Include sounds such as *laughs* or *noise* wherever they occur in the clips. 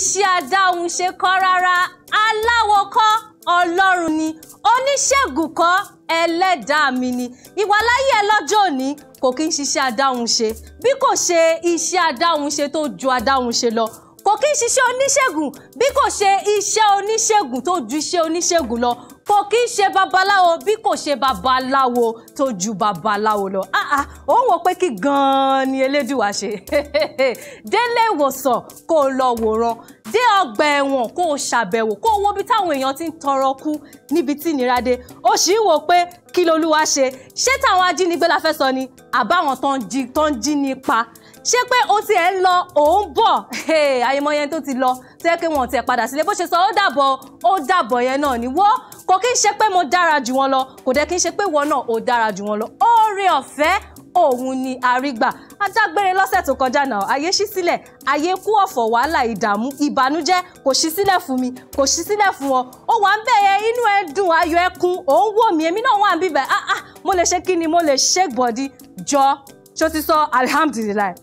iṣẹ́ adáhùn ṣe kọ́ rárá aláwo kọ́ ọlọ́run ni oníṣègùn kọ́ ẹlẹ́dàá mi ni ìwàláyé ẹ lọ́jọ́ òní kò kí ń ṣiṣẹ́ adáhùn ṣe bí kò ṣe iṣẹ́ adáhùn ṣe tó ju adáhùn ṣe lọ kò kí ń ṣiṣẹ́ oníṣègùn bí kò ṣe iṣẹ́ oníṣègùn tó ju iṣẹ́ oníṣègùn lọ kò kí ń ṣe babaláwo bí kò ṣe babaláwo tó ju babaláwo lọ ah, ah, ó wò pé kí gan-an ni elédùwà ṣe *laughs* délé ìwòsàn kó o lọ wòran dé ọgbà ẹ̀wọ̀n kó o ṣàbẹ̀wò kó o wo ibi táwọn èèyàn ti ń tọrọ kú níbi tí ìnira dé ó sì ń wò pé kí lolúwa ṣe ṣé táwọn ajínigbé la fẹ́ sọ ni àbáwọn tó ń jí ni pa ṣé pé o tiẹ̀ ń lọ òun bọ̀ àyèmọ yẹn tó ti lọ tẹ́ kí wọ́n tiẹ̀ padà sílé bó ṣe sọ ó dàbọ̀ ó dàbọ̀ yẹn náà ni wọ́n kò kí n ṣe pé mo dára jù wọn lọ kò dẹ̀ kí n ṣe pé wọn náà ò dára jù wọn lọ oore ọ̀fẹ́ òun ni àrígbà adágbére lọ́sẹ̀ tó kọjá náà ayé ṣí sílẹ̀ ayé kú ọ̀fọ̀ wàhálà ìdààmú ìbànújẹ́ kò ṣí sílẹ̀ fún mi kò ṣí sílẹ̀ fún ọ ó wà ń bẹ̀yẹ inú ẹ dùn ayọ̀ ẹ kún òun wò mí èmi náà wà ń bíbẹ̀ ah ah mo lè ṣe kí ni mo lè ṣe gbọ̀dí jọ ṣó ti sọ alihamdulilayi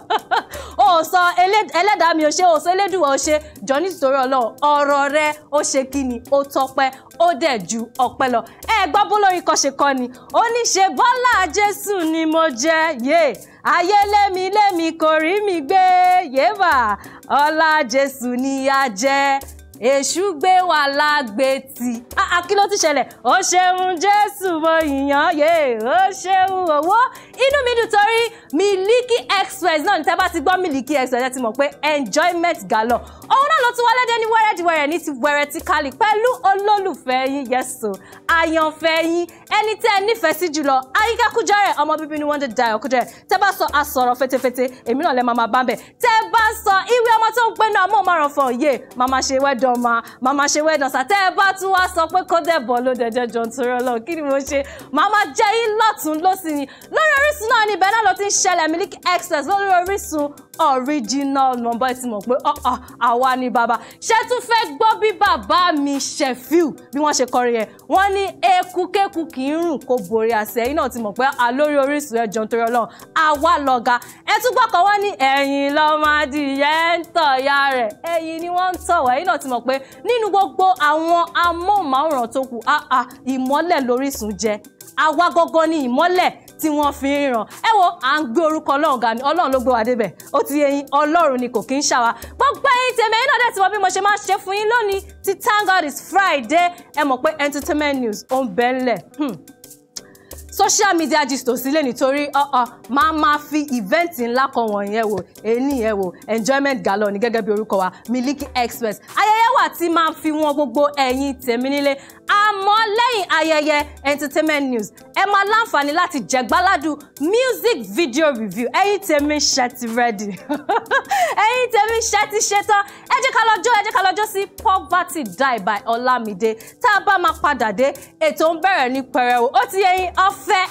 *laughs* o sọ ẹlẹ́dàá mi ò ṣe o sọ elédùwà ò ṣe jọ nítorí ọlọ́run ọ̀rọ̀ rẹ ó ṣe kí ni ó tọpẹ́ ó dẹ̀ ju ọpẹ́ lọ ẹ gbọ́ bó lórí ṣe kọ́ ni ó ní ṣe Bọ́lá Jésù ni mo jẹ́ yé ayé lémi lémi kò rí mi gbé yéwà ọlá Jésù ni a jẹ́ èṣù gbé wa lágbètì ah, ah, kí ló ti ṣẹlẹ̀ ó ṣeun jésù mo yìnyàn yé ó ṣeun owó inú mi dùn torí miliki express náà ní tẹ́ bá ti gbọ́ miliki express ẹ ti mọ̀ pé enjoyment galọ òun náà ló tún wọlé dé ní wẹ́rẹ́díwẹ́rẹ́ ní ti wẹ́rẹ́tíkálì pẹ̀lú olólùfẹ́ yín yẹ́sọ àyànfẹ́ yín ẹni tẹ́ ẹ nífẹ̀ẹ́ sí jùlọ ayíká kújọ́rẹ̀ ọmọ bíbí ni wọ́n dé dayọ̀ kújọ́rẹ̀ tẹ́ bá sọ asọ̀rọ̀ fetefete èmi náà lẹ́ máa máa bá ń bẹ̀ tẹ́ bá sọ jọ máa máa máa ṣe wẹ́dọ̀sà tẹ́ ẹ bá tún wá sọ pé kó dẹ̀ bọ̀ ló dẹ̀jẹ̀ jọ nítorí ọlọ́run kí ni mo ṣe máa máa jẹ́ yín lọ́tún lọ́sìn ni lórí Orísun náà ni ibẹ̀ náà ló ti ń ṣẹlẹ̀ Miliki Express lórí Orísun original number ẹ ti mọ̀ pé ah, ah, àwa ni Baba. ṣé tún fẹ́ gbọ́ bí bàbá mi Shefiu bí wọ́n ṣe kọrin yẹn wọ́n ní ekukeku kì í rùn kó borí àṣẹ ẹ̀yin náà ti mọ̀ pé àlórí ah, Orísun ẹ̀jọ̀ nítorí ọlọ́run àwa lọ́ga ẹ tún gbọ́ kan wọ́n ní ẹ̀yìn lọ́mọ adìyẹ ń tọ̀ ya rẹ̀ ẹ̀yìn ni wọ́n ń tọ̀ wá ẹ̀yin náà ti mọ̀ pé nínú gbogbo àwọn amóhùnmáwòrán tó kù ìmọ́lẹ̀ lórísun jẹ́ àwa gangan ni ìmọ́lẹ̀ tí wọ́n fi ń ràn ẹ wo à ń gbé orúkọ ọlọ́run ga ni ọlọ́run ló gbé wa débẹ̀ ó ti yẹ yín ọlọ́run ni kò kí ń ṣàwa gbogbo ẹ̀yin tèmi ẹ̀yin náà dẹ̀ ti mọ bí mo ṣe máa ṣe fún yín lónìí tí thank God it's Friday ẹ mọ̀ pé entertainment news ó ń bẹ́ńlẹ̀ hmm social media gist ò sílẹ̀ nítorí uh-uh. máa máa fi event ńlá kan wọ̀nyẹn wò èyí yẹn wò enjoyment galore ní gẹ́gẹ́ bí orúkọ wa Miliki Express ayẹyẹ wà tí máa fi wọn gbogbo ẹ̀yin tèmi nílé àmọ́ lẹ́yìn ayẹyẹ entertainment news ẹ máa láǹfààní láti jẹ̀gbáládùn music video review ẹ̀yin tèmi ṣe ti rẹ́dì *laughs* ẹ̀yin tèmi ṣe ti ṣetán ẹ jẹ́ ká lọ jó ká lọ sí poverty die by Olamide tá a bá máa padà dé ètò ń bẹ̀rẹ̀ ní pẹrẹwu ó ti yẹ yín off fẹ́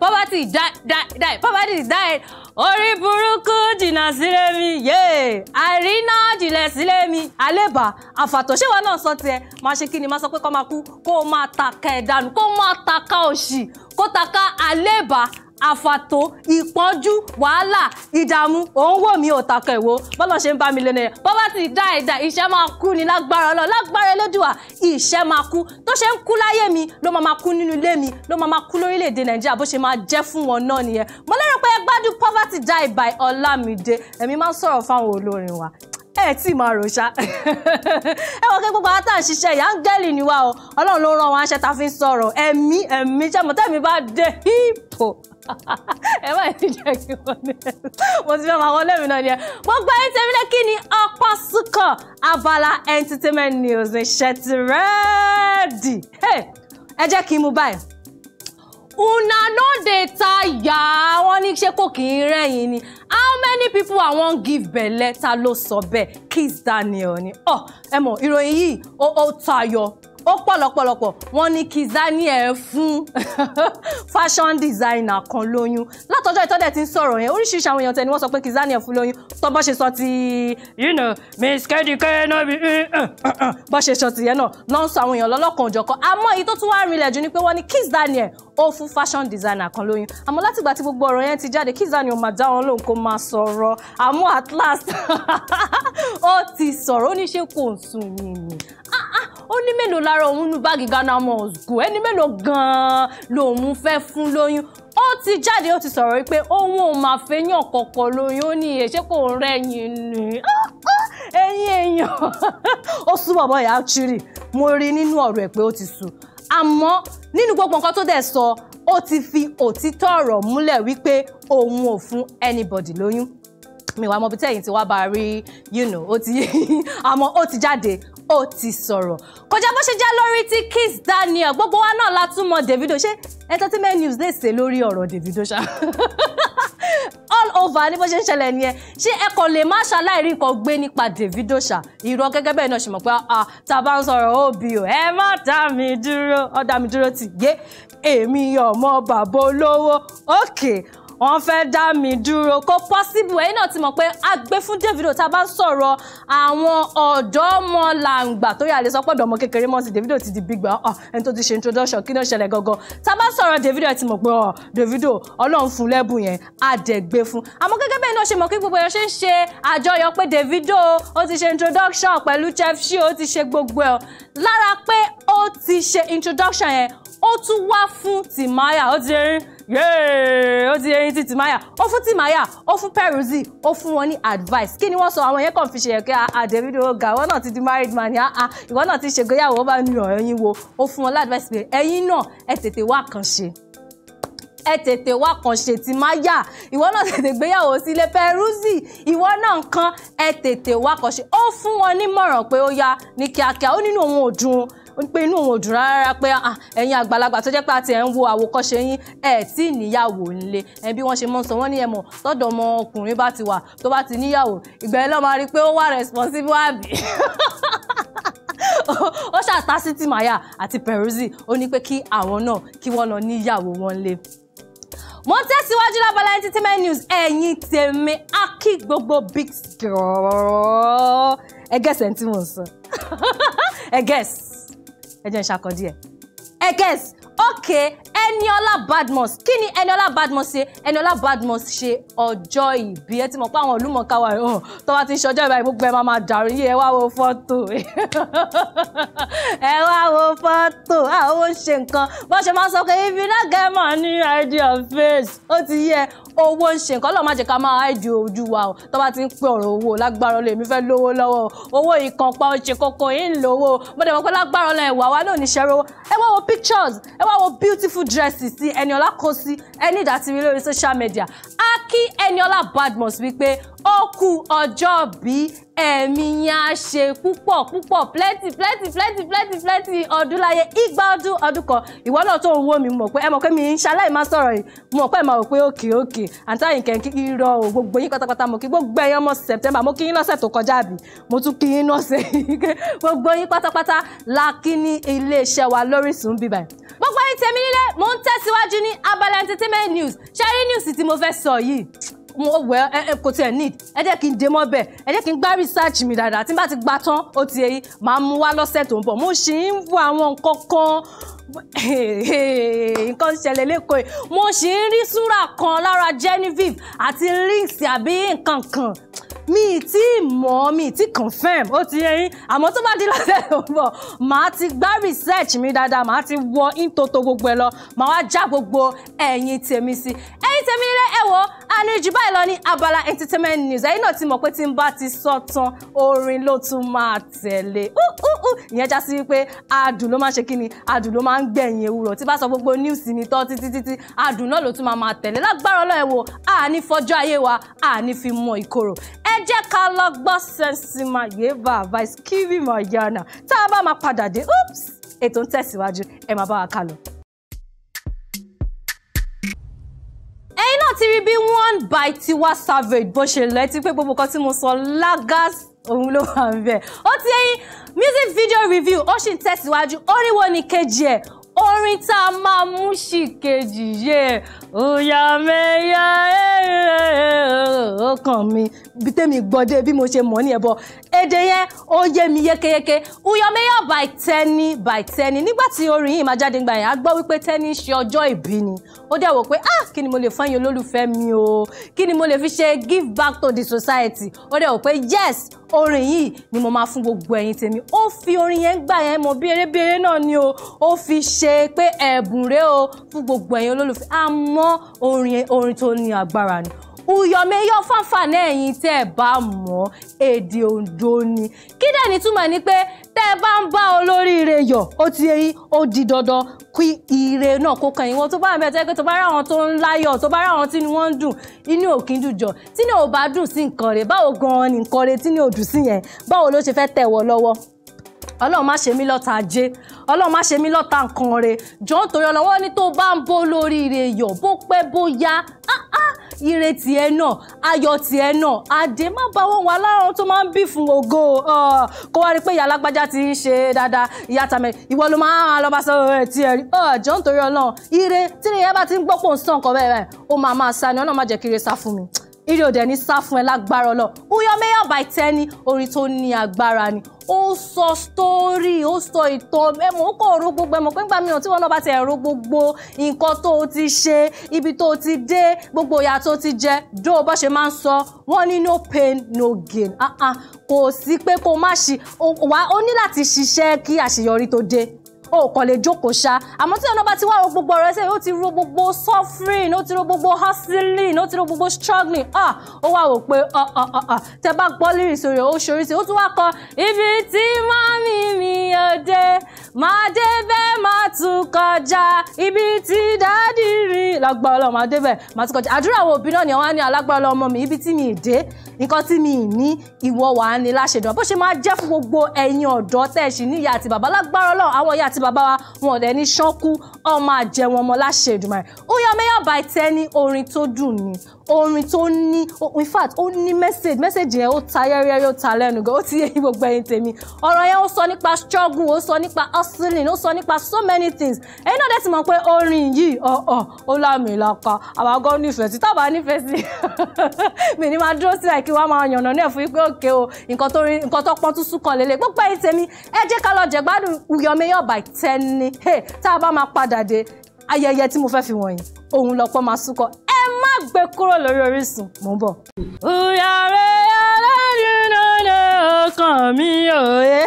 poverty die die die poverty die orí burúkú jìnnà sílé mi yéè àríná jìnlẹ̀ sílé mi àlébà àfàtọ̀ṣẹ́wà náà sọ tiẹ̀ máa ṣe kí ni máa sọ pé kó máa kú kó máa taka ẹ̀ kó máa taka òṣì kó taka àlébà àfàtò ìpọ́njú wàhálà ìdààmú òun wò mí ò takọ̀ ìwo bọ́lọ̀ ṣe ń bá mi lé nìyẹn bọ́ bá ti dá ẹ̀dá ìṣẹ́ máa kú ni lágbára ọlọ́ lágbára elédùà ìṣẹ́ máa kú tó ṣe ń kú láyé mi ló máa máa kú nínú ilé mi ló máa máa kú lórílẹ̀‐èdè nàìjíríà bó ṣe máa jẹ́ fún wọn náà nìyẹn mo lérò pé ẹ gbádùn poverty die by Ọlámídé èmi máa ń sọ̀rọ̀ fáwọn olórin wa ẹ tí máa rò ṣá ẹ wọ́n kí gbogbo àwọn tá à ń ṣiṣẹ́ ìyá ń gẹ́lì ni wa o ọlọ́run ló rán wọn aṣẹ ta fi ń sọ̀rọ̀ ẹ̀mí ẹ̀mí jẹ́mọ̀ tẹ́mi bá dé hípò ẹ má ti jẹ́ kí wọ́n ní ẹ mo ti fẹ́ máa wọlé mi náà ni ẹ gbogbo ẹ̀yin tẹ́mi lẹ́kí ni ọ̀pọ̀ sùkọ̀ abala entertainment news ní ṣẹ́tìrẹ́ẹ̀dì ẹ jẹ́ kí n mú báyìí una no dey tire wọ́n ní ṣé kò kì í rẹ̀yìn ni how many people i wan give belle ta ló sọ bẹ́ẹ̀ Kiss Daniel ni ọ oh, ẹ mọ̀ ìròyìn yìí ó tayọ ó pọ̀ lọ́pọ̀lọpọ̀ wọ́n Kizani ẹ̀ fún *laughs* fashion designer kan lóyún látọjọ́ ìtọ́dẹ̀ ti ń sọ̀rọ̀ yẹn oríṣiríṣi àwọn èèyàn tẹ̀ ni wọ́n sọ pé Kizani ẹ̀ fún lóyún tó bọ́ ṣe sọ ti you know miss kẹ́díkẹ́ náà bí uh, uh, uh, bọ́ ṣe sọ ti yẹn náà náà ń sọ àwọn èèyàn lọ́lọ́kan òjọ̀kan àmọ́ èyí tó tún wá rinlẹ̀ jù ni pé wọ́n ní Kizani ẹ̀ ó fún fashion designer kan lóyún àmọ́ látìgbà tí gbogbo ọ̀rọ̀ yẹn ti jáde Kizani ò máa dá wọn lóhùn kó máa sọ̀rọ̀ àmọ́ at last *laughs* ó ti sọ̀rọ̀ ó ní ṣe kò sùn yìnyín ó ní mélòó lára òun nu báàgì Ghana Must Go ẹni mélòó gan-an lòun fẹ́ fún lóyún ó ti jáde ó ti sọ̀rọ̀ wípé òun ò máa fẹ́yàn kọ̀ọ̀kan lóyún ó ní èṣe kò ń rẹ́yìn ni *laughs* ẹ̀yìn èèyàn *laughs* ó sún bàbá ìyá chiri mo rí nínú ọ̀rọ̀ ẹ̀ pé ó ti sùn àmọ́ nínú gbogbo nǹkan tó dẹ̀ sọ ó ti fi òtítọ́ ọ̀rọ̀ múlẹ̀ wípé òun ò fún anybody lóyún mi wàá mọ ibi tẹ́yìn tí wàá bá rí you know ó ti *laughs* àmọ́ ó ti jáde ó ti sọ̀rọ̀ kọjá bó ṣe já lórí ti Kiss Daniel gbogbo wa náà la tún mọ Davido ṣé entertainment news lè ṣe lórí ọ̀rọ̀ Davido ṣá *laughs* all over ni bó ṣe ń ṣẹlẹ̀ nìyẹn ṣé ẹ kàn lè má ṣaláìrí nǹkan gbé nípa Davido ṣá irọ́ gẹ́gẹ́ bẹ́ẹ̀ náà ṣe mọ̀ pé tá ah, a ah, bá ń sọ̀rọ̀ òbí o ẹ má dá mi dúró ó dá mi dúró tì yé èmi ọmọ bàbá olówó ókè. Okay wọ́n fẹ́ dá mi dúró kó possible ẹ̀yin náà ti mọ̀ pé a gbé fún Davido tá a bá ń sọ̀rọ̀ àwọn ọ̀dọ́mọlàǹgbà tó yà lè sọ pé ọ̀dọ́mọ kékeré mọ́ sí Davido ti di bígbà ọ̀ ah, ẹni tó ti ṣe introduction kí ló ṣẹlẹ̀ gangan tá a bá sọ̀rọ̀ Davido ẹ̀ ti mọ̀ pé ọ̀ ah, Davido ọlọ́run fún lẹ́bùn yẹn á dẹ̀ gbé fún àmọ́ gẹ́gẹ́ bẹ́ẹ̀ náà ṣe mọ̀ kí gbogbo ẹ̀ ṣe ń ṣe àjọyọ̀ pé Davido ó ti ṣe introduction shi introduction yẹn ó tún wá fún tìmáyà ó ti yẹyin títí máyà ó fún tí máyà ó fún Peruzzi ó fún wọn ní advice kí ni wọ́n sọ àwọn yẹn kàn fi ṣe ẹ̀kẹ́ àdèmídò ọ̀gá ìwọ náà ti di married man yá a ah, ah, ìwọ náà ti ṣègbéyàwó ó bá ní ọ̀rọ̀ yín wo ó fún wọn ládvice pé ẹ̀yin náà ẹ tètè wá kàn ṣe ẹ tètè wá kàn ṣe tí má yà ìwọ náà tètè gbéyàwó sílé Peruzzi ìwọ náà nǹkan ẹ tètè wá kàn ṣe ó fún wọn nímọ̀ràn pé ó yá ní kíákíá ó nínú òun ò pé inú òun ò dùn rárá pé ah, ẹ̀yin àgbàlagbà tó jẹ́ pé àti ẹ̀ ń wo àwòkọ́ṣe yín ẹ̀ tí níyàwó ńlé ẹ̀ bí wọ́n ṣe mọ́ sọ wọ́n ní ẹ̀mọ́ tọ́dọ̀ ọmọ ọkùnrin bá ti wà tó bá ti níyàwó ìgbà ẹ̀ lọ́ rí i pé ó wà responsible àbí *laughs* ó ṣàtàsítì maya àti Peruzzi ó ní pé kí àwọn náà kí wọ́n lọ níyàwó wọn lé mo tẹ̀síwájú lábala entertainment news ẹ̀yin tèmi á gbogbo big girl ẹgẹ́sẹ̀ tí mo sọ *laughs* ẹgẹ́sẹ̀ ẹ jẹ́ n ṣakọ díẹ̀ ẹgẹ́s ókè Ẹniọlá Badmus kí ni Ẹniọlá Badmus ṣe Ẹniọlá Badmus ṣe ọjọ́ ìbí ẹ ti mọ̀ pé àwọn olùmọ̀ọ́ká wa ọ̀ oh, tó bá ti ṣe ọjọ́ ìbá ìgbógbó ẹ máa máa dàrú yìí ẹ wá wo fọ́tò *laughs* ẹ wá wo fọ́tò àwọn ò ṣe nǹkan bó ṣe máa sọ pé if you no get money idea face ó ti yẹ owó ń ṣe nǹkan lọ́ọ́ má jẹ́ ká máa áìdì ojú wa o tó bá ti ń pè ọ̀rọ̀ owó lágbára ọlọ́ èmi fẹ́ lówó lọ́wọ́ owó ìkànpá ó ṣe kókó yìí ń lówó mo dẹ̀ mọ̀ pé lágbára ọlọ́ ẹ̀wà wa náà níṣẹ́ rówó ẹ wá wo pictures ẹ wá wo beautiful dresses sí Ẹniọlá kó sí ẹni ìdásí mi lórí social media á kí Ẹniọlá Badmus wípé ó kú ọjọ́ bí ẹ̀mí yẹn á ṣe púpọ̀ púpọ̀ plenty plenty plenty plenty plenty ọdún láyé igba ọdún ọdún kan ìwọ náà tó ń wò mí mọ̀ pé ẹ mọ̀ pé mi ń ṣaláì má sọ̀rọ̀ yìí mọ̀ pé ẹ máa rò pé òkè òkè àǹtá ìkẹ́ kí irọ́ o gbogbo yín pátápátá mo kí gbogbo ẹ̀yán ọmọ September mo kí yín lọ́sẹ̀ tó kọjá àbí mo tún kí yín lọ́sẹ̀ gbogbo yín pátápátá la kí ní iléeṣẹ́ wa lórísun bíbá yìí gbogbo yín tèmi nílé mò ń tẹ̀síwájú ní abala entertainment news ṣẹ́rí news tí mo fẹ́ sọ yìí well ẹ kò tiẹ̀ need ẹ jẹ́ kí n dé mọ́ bẹ́ẹ̀ ẹ jẹ́ kí n gbá research mi dáadáa tí n bá ti gbà tán ó ti èyí màá mú wá lọ́sẹ̀ tó ń bọ̀ mo ṣì ń wo àwọn nǹkan kan *laughs* nǹkan ṣẹlẹ̀ lẹ́kọ̀ọ́ yìí mo ṣì ń rí súrà kan lára Genevieve àti links àbí nǹkan kan mi ti mọ̀ mi tí confirm O ti yẹ yín àmọ́ tó bá di lọ́sẹ̀ tó màá ti gbá research mi dáadáa màá ti wọ ìtòtò gbogbo ẹ lọ màá wá já gbogbo ẹ̀yin tèmi sí ẹ̀yin tèmi nílé ẹ àníjù báyìí lọ ní abala entertainment news ẹ̀yin náà ti mọ̀ pé tí n bá ti sọ tán orin ló tún máa tẹ̀lé ìyẹn já sí wípé adùn ló máa ṣe kí ni adùn ló máa ń gbẹ̀yìn ewúrọ̀ tí bá sọ gbogbo news mi tán títí títí adùn náà ló tún máa máa tẹ̀lé lágbára ọlọ́ẹ̀wò ẹ ẹ jẹ́ ká lọ gbọ́ sẹ́ńsì màyé bàbá ìskíbì màyánà tá a bá máa padà dé oops ètò ń tẹ̀síwájú ẹ máa bá wa kálọ. ẹ̀yin náà ti rí bí one by Tiwa Savage bó ṣe lọ ẹ ti pé gbogbo kan tí mo sọ lagas òun ló wà ń bẹ̀ ó ti ẹ̀yin music video review ó sì ń tẹ̀síwájú ó ní wo ni kejì ẹ̀ orin tá a máa mú sí kejì yé òyà mẹ́yà ọkàn mi tèmi gbọ́dé bí mo ṣe mọ̀ ní ẹ̀bọ èdè yẹn ó yé mi yékéyéké òyà mẹ́yà by Tenny by Tenny nígbà tí orin yìí máa jáde gbà yẹn a gbọ́ wípé Tenny ṣe ọjọ́ ìbí ni ó dẹ̀ wò pé ah kí ni mo lè fún ẹ̀yin olólùfẹ́ mi o kí ni mo lè fi ṣe give back to the society ó dẹ̀ wò pé yes orin yìí ni mo máa fún gbogbo ẹ̀yin tèmi ó fi orin yẹn gbà yẹn mọ̀ bí erébìrè náà ni o ó fi ṣ ṣe pé ẹ̀bùn rèé o fún gbogbo ẹ̀yin olólùfẹ́ àmọ́ orin orin tó ní agbára ni Uyọ̀mẹ́yọ̀ Fáfànà ẹ̀yin tẹ́ ẹ bá mọ̀ èdè Oǹdó ni kí dẹ̀ ní túmọ̀ ni pé tẹ́ ẹ bá ń bá olóríire yọ̀ ó ti eyín ó di dandan kí ire náà kó kan ìwọ̀n tó bá bẹ̀ tẹ́ pé tó bá rà wọn tó ń láyọ̀ tó bá rà wọn tí ni wọ́n ń dùn inú òkín dùjọ tí ni ò bá dùn sí nǹkan rẹ̀ báwo gan ni nǹkan rẹ̀ tí ni ò dùn sí yẹn báwo ló ṣe fẹ́ tẹ̀wọ́ lọ́wọ́ ọlọ́run má ṣe mí lọ́ta ajé ọlọ́run má ṣe mí lọ́ta nǹkan rẹ̀ jọ ń torí ọlọ́wọ́ ní tó bá ń bó lórí ire yọ̀ bó pẹ́ bóyá ire tiẹ̀ náà ayọ̀ tiẹ̀ náà àdè má bá wọn wà lára ohun tó máa ń bí fún ògo kó wá rí pé ìyá alágbájá ti ń ṣe dáadáa ìyá tàmẹ ìwọ ló máa ń lọ bá sọ ẹ tiẹ̀ rí jọ torí ọlọ́run ire tí ìyá bá ti ń gbọ́ pò ń sàn kọ́ bẹ́ẹ̀ bẹ́ẹ̀ ó máa máa sa ni ọlọ́run má jẹ́ kí ire sá fún mi ire òdẹ ní sá fún ẹ lágbára ọlọ Uyo Mayor by Tenny orin tó ní agbára ni ó sọ sítórì ó sọ ìtàn ẹ mọ̀ ó kò ro gbogbo ẹ mọ̀ pé nígbà mìíràn tí wọn náà bá ti ẹ̀ ro gbogbo nǹkan tó o ti ṣe ibi tó o ti dé gbogbo ìyà tó o ti jẹ dó bó ṣe máa ń sọ wọn ní no pain no gain ah, ah. kò sí pé kó má ṣe wá ó ní láti ṣiṣẹ́ kí àṣeyọrí tó dé o kàn lè jókòó ṣá àmọ́ tí ọ̀nà bá ti wá ro gbogbo ọ̀rọ̀ ẹsẹ̀ ó ti ro gbogbo suffering ó ti ro gbogbo hustling ó ti ro gbogbo struggling ah ó wá wò pé ah, ah, ah, tẹ bá gbọ́ lyrics rẹ̀ ó ṣoríṣi ó tún wá kọ ibi tí mọ́mí mi ò dé máa débẹ̀ máa tún kọjá ibi tí dáàdì rí lágbára ọlọ́run máa débẹ̀ máa tún kọjá àdúrà àwọn òbí náà ni wọ́n á ní alágbára ọmọ mi ibi tí mi ì dé nǹkan tí mi ì ní ìwọ wàá ní láṣẹdọ̀ bó ṣe máa jẹ́ fún gbogbo ẹ̀yin ọ̀dọ́ tẹ̀ ní ìyá àti bàbá lágbára ọlọ́run àwọn ìyá àti bàbá wa wọn ò dẹ̀ ní ṣánkú ọmọ àjẹwọn ọmọ láṣẹ Èdùmàrè Oyameya by Tenny orin tó dùn ni orin tó ní in fact ó ní message message yẹn ó ta yẹ́rẹ́yẹ́rẹ́ ó ta lẹ́nu gan ó ti yé gbogbo ẹ̀yin tèmi ọ̀rọ̀ yẹn ó sọ nípa struggle ó sọ nípa hustling ó sọ nípa so many things ẹ̀yin náà dẹ́sí mọ̀ pé orin yìí ọ̀ọ̀ ó lámì ìlàkà àwa gan nífẹ̀ẹ́ sí tábà nífẹ̀ẹ́ sí *laughs* mi ni máa dúró sílẹ̀ kí wọ́n máa yànnà náà fún pé òkè o nǹkan tó rin nǹkan tó pọ́n tún súnkàn lélẹ̀ gbogbo ẹ̀yin tèmi ẹ jẹ́ ká lọ jẹ̀gbádùn Yọ̀míyọ̀ by Tenny tá a bá máa padà dé ayẹyẹ tí mo fẹ́ fi wọ̀nyí òun pé kúrò lórí Orísun mò ń bọ̀. ìyàrá aládùúgbò ọkàn mi ò yé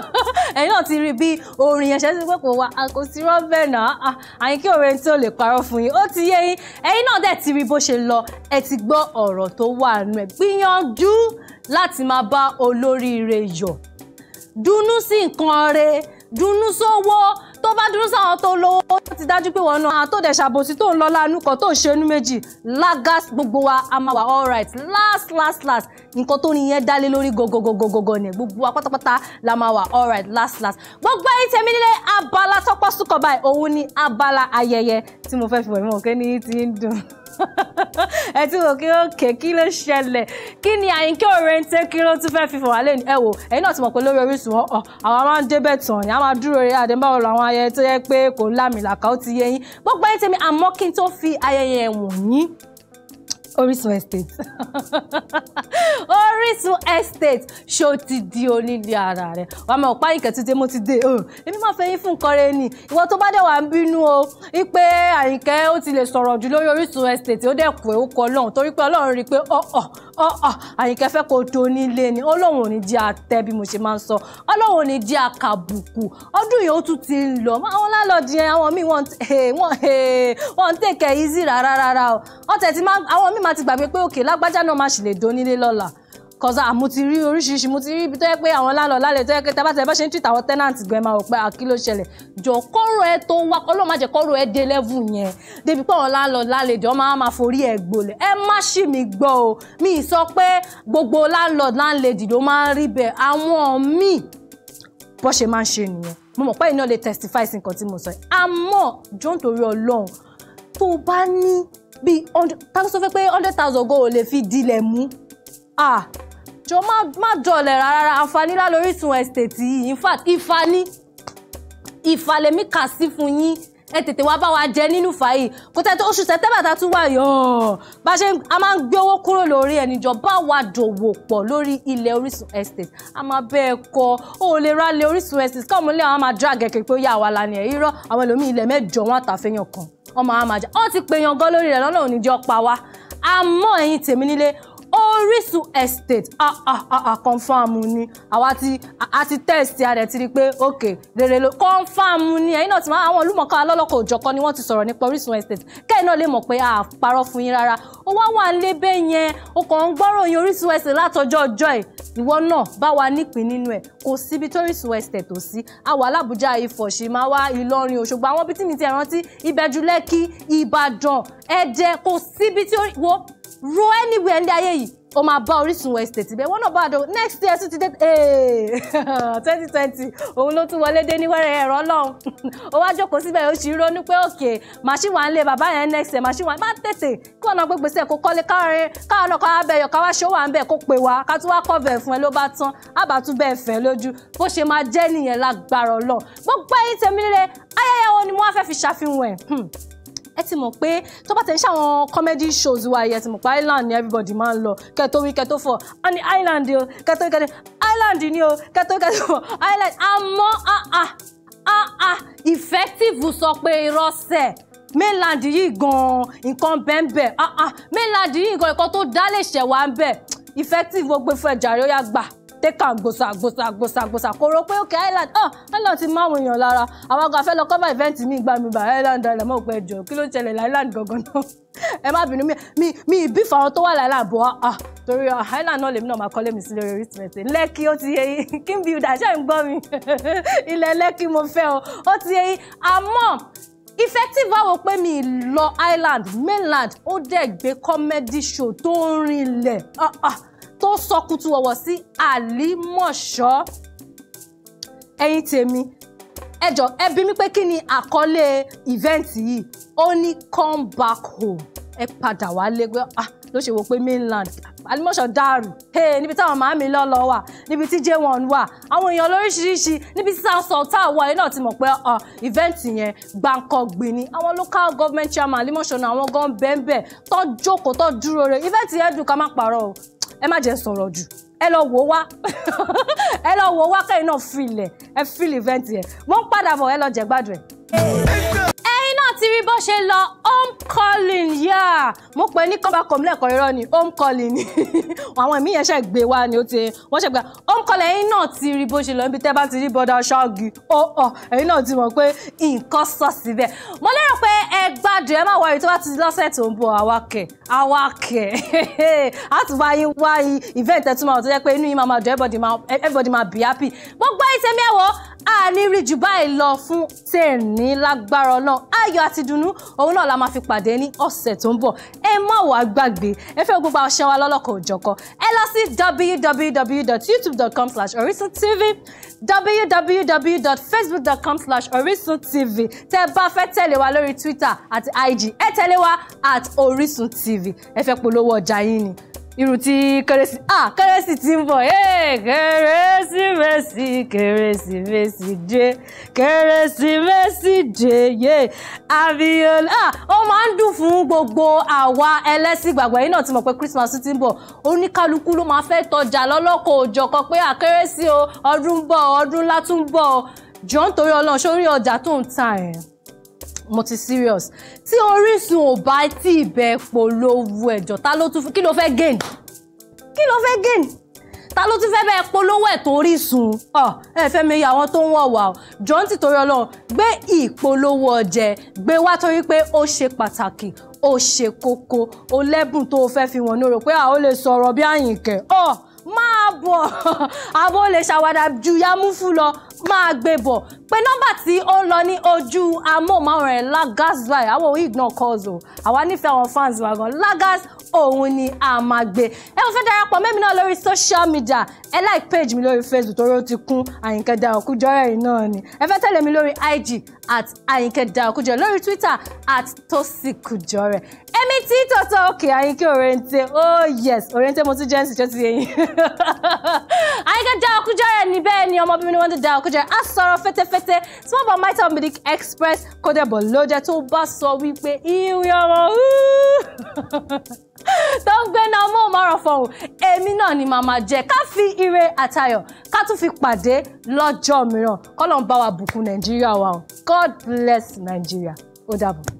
*laughs* ẹ̀yin náà ti rí bí orin yẹn ṣe ti pé kò wá àkòsírọ́ bẹ́ẹ̀ náà àyìnkí òrin tí ò lè parọ́ fún yín ó ti yé yín ẹ̀yin náà dẹ̀ ti rí bó ṣe lọ ẹ ti gbọ́ ọ̀rọ̀ tó wà nù ẹ̀ gbìyànjú láti máa bá olóríire yọ̀ dùnnú sí nǹkan rẹ̀ dùnnú sówó. So tó bá dúró sáwọn tó lówó ó ti dájú pé wọn náà tó dẹ̀ ṣàbòsí tó ń lọ láàánú kan tó ń ṣe inú méjì lágas gbogbo wa a máa wà all right last last last nǹkan tó ní yẹn dálé lórí gogogogogogo ni gbogbo wa pátápátá la máa wà all right last last gbogbo ẹ̀yin tèmi nílé abala tọpọ sùkọ báyìí òun ni abala ayẹyẹ tí mo fẹ́ fi wọ̀ mọ́ kí ti ń dùn. *laughs* ẹ ti wò kí ó kè kí ló ṣẹlẹ̀ kí ni Àyìnkẹ́ Òrèǹté kí ló tún fẹ́ fi fún wa lẹ́nu ẹ wò ẹ̀yin náà ti mọ̀ pé lórí Orísun ọ̀ àwọn máa ń débẹ̀ tàn ní a máa dúró rí àdébáwò làwọn ayẹyẹ tó yẹ pé kò lámìlàkà ó ti yẹ yín gbogbo ẹ̀ tèmi àmọ́ kí n tó fi ayẹyẹ wọ̀nyí Orísun estate *laughs* Orísun estate ṣó ti di onílé ara rẹ wàá máa pa ìkẹ́ títí mo ti dé èmi máa fẹ́ yín fún nǹkan rẹ ni ìwọ tó bá dẹ̀ wà ń bínú o wípé àyìnkẹ́ ó ti lè sọ̀rọ̀ jù lórí Orísun estate ó dẹ̀ pé ó kọ ọlọ́run torí pé ọlọ́run rí i pé ọ̀ọ̀ ọ̀ọ̀ àyìnkẹ́ fẹ́ kó tó nílé ni ọlọ́run ò ní jẹ́ àtẹ bí mo ṣe máa ń sọ ọlọ́run ò ní jẹ́ àkàbùkù ọdún yìí ó tún ti ń lọ àwọn láńlọ́ọ̀dì yẹn àwọn míì wọ́n ń tẹ̀kẹ̀ *laughs* eh, easy rárá rárá o ọ̀tẹ̀ ti máa àwọn míì máa ti gbàgbé pé òkè lágbájá náà máa ṣì lè donílé lọ́la kọ́sà mo ti rí oríṣiríṣi mo ti rí ibi tó yẹ pé àwọn lálọ́ lálẹ́ tó yẹ pé tabátẹ́ bá ṣe ń tìta àwọn tẹ́nàntì gan ẹ máa wò pé jọ kọ́rọ̀ ẹ tó wá ọlọ́run má jẹ́ kọ́rọ̀ ẹ dé lẹ́vù yẹn débi pé àwọn lálọ́ lálẹ́ jọ máa máa forí ẹ gbolẹ̀ ẹ má ṣì mí gbọ́ o mi sọ pé gbogbo lálọ́ lálẹ́dì ló máa ń rí bẹ́ẹ̀ àwọn míì bó ṣe máa ń ṣe nìyẹn mo mọ̀ pé iná lè testify sí nǹkan tí mo sọ àmọ́ jọ́ǹtorí ọlọ́run tó bá ní bíi tàbí sọ fẹ́ pé hundred thousand go ò lè fi dilẹ̀ mú ah jọ má má jọlẹ̀ rárá àǹfààní lálórísun estate yìí in fact ìfani ìfàlẹ́mí kà sí fún yín ẹ tètè wá bá wa jẹ nínú fàáyì kò tẹ́tẹ́ oṣù sẹ́tẹ́bà tá a tún wà yọ̀ bá ṣe a máa ń gbé owó kúrò lórí ẹni bá wa dòwò pọ̀ lórí ilẹ̀ Orísun estate a máa bẹ́ẹ̀ kọ ó lè ra ilẹ̀ Orísun estate káwọn ọmọlẹ́ àwọn máa drag ẹ̀kẹ́ pé ó yà wá lani ẹ̀ irọ́ àwọn ẹlòmíì ilẹ̀ mẹ́jọ wọn àtàfẹ́yàn kan ọmọ àwọn máa jà ó ti pèèyàn gan lórí rẹ̀ lọ́nà òní jọ pa wá àmọ́ ẹ̀yin tèmi nílé Orísun estate ah ah ah ah confam ni àwa ti a test ya rẹ̀ ti rí i pé ok rere lo confam ni ẹ̀yin náà ti máa àwọn olùmọ̀ọ́ká alọ́lọ́kọ̀ òjọ̀kọ́ ni wọ́n ti sọ̀rọ̀ nípa Orísun estate kẹ́ẹ̀ náà lè mọ̀ pé a parọ́ fún yín rárá ó wá wà ń yẹn o kàn ń gbọ́rọ̀ yín Orísun estate látọjọ́ ọjọ́ ẹ̀ ìwọ náà bá wa nípìn nínú ẹ̀ kò síbi tó Orísun estate tó sí a wà lábújá Ifọ̀ṣì máa wá Ìlọrin Òṣogbo àwọn bíi tí mi ti rántí Ìbẹ̀jú Lẹ́kì Ìbàdàn Ẹdẹ kò síbi tí ó wọ́n ro anywhere ní ayé yìí o máa bá Orísun West State bẹ́ẹ̀ wọ́n náà bá àdó next year tún ti dé *laughs* twenty twenty òun ló tún wọlé dé ní wẹ́rẹ́ ẹ̀rọ ọlọ́run ó wá jókòó síbẹ̀ ó sì ronú pé òkè màṣíwá ń lé bàbá yẹn next year màṣíwá má tètè kí wọn náà gbé gbèsè kó kọ́lé káàrin káwọn náà káwá bẹ̀yọ̀ káwá ṣó wà ń bẹ̀ kó pè wá ká tún wá kọ́vẹ̀ fún ẹ ló bá tán àbá tún bẹ́ẹ̀ fẹ́ lójú bó ṣe máa jẹ́ nìyẹn lágbára ọlọ́run gbogbo ẹ̀yin tèmi nílé ayẹyẹ wo ni wọ́n fẹ́ fi ṣàfihàn ẹ̀ hmm ẹ ti mọ̀ pé tó bá ti ń ṣe comedy shows wa yẹ ti mọ̀ pé island ni everybody máa ń lọ kẹtó wí kẹtó fọ a ní island o kẹtó kẹtó island ni o kẹtó kẹtó fọ island àmọ́ àà àà effective sọ pé irọ́ sẹ̀ mainland yìí gan-an nǹkan bẹ́ẹ̀ bẹ́ẹ̀ mainland yìí nǹkan tó dá lè ṣẹ̀ wá ń bẹ̀ effective ó gbé fún ẹ̀jà rẹ̀ ó yá gbà. Take tẹ́kà gbòsà gbòsà gbòsà gbòsà kò rò pé òkè island ah island ti máa wọ̀nyàn lára àwọn àgbà fẹ́ lọ cover event mi gbà mí bá island island mọ̀ pé jọ kí ló ń ṣẹlẹ̀ island gangan náà *laughs* ẹ má bínú mi mi mi ìbí fàwọn tó wà láìláà bọ́ ah, ah torí ah, island náà lèmi náà máa kọ́lé mi sí lórí Orísun ẹ̀sẹ̀ lẹ́kì ó ti yẹ yín kí n bí udà ṣe ń gbọ́ mi *laughs* ilẹ̀ lẹ́kì mo fẹ́ o ó ti yẹ yín àmọ́ ìfẹ́ tí pé mi lọ island mainland ó dẹ̀ gbé comedy show tó ń rinlẹ̀ ah ah tó sọ kutu wọ̀wọ̀ sí àlímọ̀ṣọ́ ẹ̀yin tèmi ẹ jọ ẹ bí mi pé kí ni àkọlé ìvẹ́ǹtì yìí ó ní come back home ẹ padà wálé pé ah ló ṣe wò pé mainland àlímọ̀ṣọ́ dàrú hey níbi táwọn màámi lọ́lọ́ wà níbi tí j1 wà àwọn èèyàn lóríṣiríṣi níbi tí sàṣọ tá a wà yìí náà ti mọ̀ pé ìvẹ́ǹtì ah, yẹn gbàǹkangbì ni àwọn local government chairman àlímọ̀ṣọ́ náà àwọn gan bẹ́ẹ̀ bẹ́ẹ̀ tó jókòó tó dúró re ìvẹ́ǹtì yẹn dùn ká má parọ́ o ẹ má jẹ́ sọ̀rọ̀ jù ẹ lọ wò wá *laughs* ẹ lọ wò wá kẹ́yìn náà fìlẹ̀ ẹ fìlì fẹ́ǹtì ẹ̀ wọ́n ń padà bọ̀ ẹ lọ jẹ̀gbádùn ẹ̀ ti rí bó ṣe lọ home calling ya, mo pè ní kọ́bákọ́m lẹ́ẹ̀kan irọ́ ni home calling ni *laughs* àwọn ẹ̀mí yẹn ṣe gbé wa ni ó ti wọ́n ṣe gbé home calling ẹ̀yin náà ti rí bó ṣe lọ níbi tẹ́ bá ti rí bọ́dà ṣáàgì ó ọ̀ ẹ̀yin náà ti mọ̀ pé nǹkan sọ síbẹ̀ mo lérò pé ẹ gbádùn ẹ má wọrí tó bá ti lọ́sẹ̀ tó ń bọ̀ àwakẹ̀ àwakẹ̀ á *laughs* tún bá yín wá event ẹ̀ tún máa tó jẹ́ pé inú yín máa máa dùn everybody máa be happy gbogbo ìtẹ̀mí ẹ̀wọ̀ a ní rí jù báyìí lọ fún tèmi lágbára ọlọ́run ayọ̀ àti dùnnú òun náà la máa fi pàdé ní ọ̀sẹ̀ tó ń bọ̀ ẹ má wàá gbàgbé ẹ fẹ́ gbogbo àṣẹ wa lọ́lọ́kọ̀ òjọ̀kan ẹ lọ sí www.youtube.com/orisuntv www.facebook.com/orisuntv tẹ bá fẹ́ tẹ̀lé wa lórí Twitter àti IG ẹ tẹ̀lé wa at orisuntv ẹ fẹ́ polówó ọjà yín ni irú ti kérésì ah kérésì ti ń bọ̀ kérésìmesì kérésìmesì dé kérésìmesì dé yé abiyan ah ó máa ń dùn fún gbogbo àwa ẹlẹ́sìn ìgbàgbọ́ yìí náà ti mọ̀ pé christmas ti ń bọ̀ oníkálukú ló máa fẹ́ tọjà lọ́lọ́kọ̀ òjọ̀kan pé àkérésì o ọdún ń bọ̀ ọdún ńlá tún ń bọ̀ jọ̀ọ́ nítorí ọlọ́run sórí ọjà tó ń ta ẹ̀ mo ti serious tí Orísun ò bá tí ì bẹ polówó ẹ̀jọ̀ ta ló tún kí ló fẹ́ gain kí ló fẹ́ gain ta ló tún fẹ́ bẹ́ẹ̀ polówó ẹ̀ torí sùn ọ ẹ fẹ́ mi àwọn tó ń wọ̀ wá ọ john ti torí ọlọ́run gbé ìpolówó ọjẹ gbé wá torí pé ó ṣe pàtàkì ó ṣe kókó ó lẹ́bùn tó o fẹ́ fi wọ́n ní o rò pé a ó lè sọ̀rọ̀ bí àyìnkẹ́ ọ máa bọ̀ *laughs* àbó lè ṣàwádà ju yámúfù lọ máa gbé bọ̀ pé nọ́mbà tí ó ń lọ ní ojú amóhùnmáwòrán ẹ̀ Lagos báyìí àwọn ignore calls o àwa nífẹ̀ẹ́ àwọn fans wa gan Lagos òun ni a máa gbé ẹ mo fẹ́ darapọ̀ mẹ́mi náà lórí social media ẹ like page mi lórí Facebook torí ó ti kún Àyìnkẹ́ Dayọ̀ Kújọrẹ́ náà ni ẹ fẹ́ tẹ̀lé mi lórí IG at Àyìnkẹ́ Dayọ̀ Kújọrẹ́ lórí Twitter at Tosi Kújọrẹ́ èmi tí tòótọ́ òkè àyíké òrèǹtè oh yes òrèǹtè mo tún jẹ́ ǹsì tó ti yẹn *laughs* àyíké dá ọkújọ́rẹ̀ ní bẹ́ẹ̀ ni ọmọbìnrin wọn ti dá ọkújọ́rẹ̀ á sọ̀rọ̀ fẹ́tẹ́fẹ́tẹ́ small but mighty milk express kódẹ̀bọ̀ ló jẹ́ tó bá sọ wípé ìwé ọmọ *laughs* tó ń gbéná mú mọ́rọ̀ fọ̀hún èmi náà ni màmá jẹ ká fi ire àtayọ̀ ká tún fi pàdé lọ́jọ́ mìíràn kọ́lọ́n wa bùkún nàìjíríà wa God bless Nigeria ó dàbọ̀.